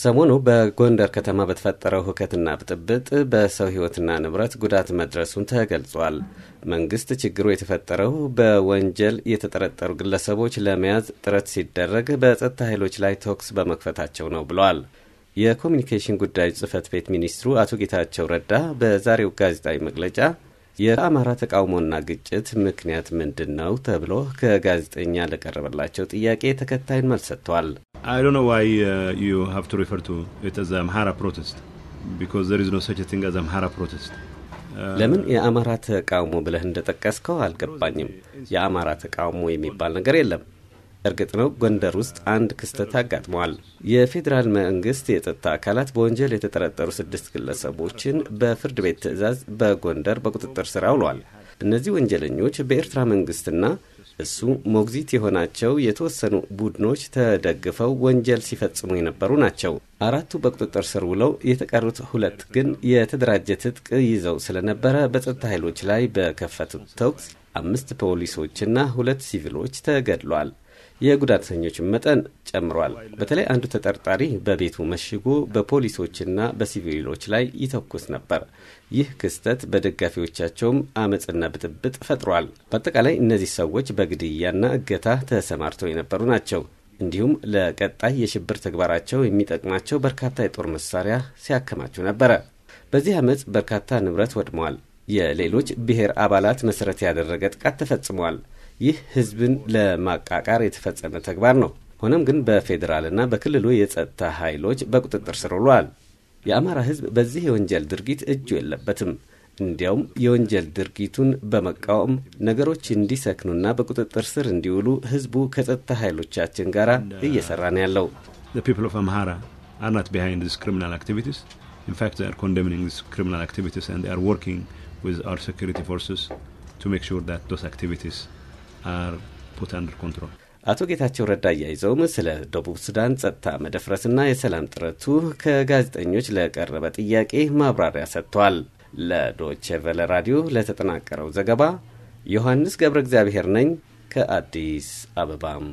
ሰሞኑ በጎንደር ከተማ በተፈጠረው ሁከትና ብጥብጥ በሰው ሕይወትና ንብረት ጉዳት መድረሱን ተገልጿል። መንግስት ችግሩ የተፈጠረው በወንጀል የተጠረጠሩ ግለሰቦች ለመያዝ ጥረት ሲደረግ በጸጥታ ኃይሎች ላይ ተኩስ በመክፈታቸው ነው ብሏል። የኮሚኒኬሽን ጉዳዮች ጽህፈት ቤት ሚኒስትሩ አቶ ጌታቸው ረዳ በዛሬው ጋዜጣዊ መግለጫ የአማራ ተቃውሞና ግጭት ምክንያት ምንድን ነው ተብሎ ከጋዜጠኛ ለቀረበላቸው ጥያቄ ተከታዩን መልስ I don't know why uh, you have to refer to it as the Amhara protest because there is no such a thing as Amhara protest. Uh, ለምን የአማራ ተቃውሞ ብለህ እንደጠቀስከው አልገባኝም። የአማራ ተቃውሞ የሚባል ነገር የለም። እርግጥ ነው ጎንደር ውስጥ አንድ ክስተት አጋጥመዋል። የፌዴራል መንግስት የጸጥታ አካላት በወንጀል የተጠረጠሩ ስድስት ግለሰቦችን በፍርድ ቤት ትዕዛዝ በጎንደር በቁጥጥር ስር አውለዋል። እነዚህ ወንጀለኞች በኤርትራ መንግስትና እሱ ሞግዚት የሆናቸው የተወሰኑ ቡድኖች ተደግፈው ወንጀል ሲፈጽሙ የነበሩ ናቸው። አራቱ በቁጥጥር ስር ውለው የተቀሩት ሁለት ግን የተደራጀ ትጥቅ ይዘው ስለነበረ በጸጥታ ኃይሎች ላይ በከፈቱት ተኩስ አምስት ፖሊሶችና ሁለት ሲቪሎች ተገድሏል። የጉዳተኞችን መጠን ጨምሯል። በተለይ አንዱ ተጠርጣሪ በቤቱ መሽጎ በፖሊሶችና በሲቪሎች ላይ ይተኩስ ነበር። ይህ ክስተት በደጋፊዎቻቸውም አመፅና ብጥብጥ ፈጥሯል። በአጠቃላይ እነዚህ ሰዎች በግድያና እገታ ተሰማርተው የነበሩ ናቸው። እንዲሁም ለቀጣይ የሽብር ተግባራቸው የሚጠቅማቸው በርካታ የጦር መሳሪያ ሲያከማቹ ነበረ። በዚህ አመፅ በርካታ ንብረት ወድመዋል። የሌሎች ብሔር አባላት መሰረት ያደረገ ጥቃት ተፈጽመዋል። ይህ ህዝብን ለማቃቃር የተፈጸመ ተግባር ነው። ሆነም ግን በፌዴራልና በክልሉ የጸጥታ ኃይሎች በቁጥጥር ስር ውሏል። የአማራ ህዝብ በዚህ የወንጀል ድርጊት እጁ የለበትም። እንዲያውም የወንጀል ድርጊቱን በመቃወም ነገሮች እንዲሰክኑና በቁጥጥር ስር እንዲውሉ ህዝቡ ከጸጥታ ኃይሎቻችን ጋር እየሰራ ነው ያለው። ሪናል አቶ ጌታቸው ረዳ አያይዘውም ስለ ደቡብ ሱዳን ጸጥታ መደፍረስና የሰላም ጥረቱ ከጋዜጠኞች ለቀረበ ጥያቄ ማብራሪያ ሰጥቷል። ለዶቼ ቨለ ራዲዮ ለተጠናቀረው ዘገባ ዮሐንስ ገብረ እግዚአብሔር ነኝ ከአዲስ አበባም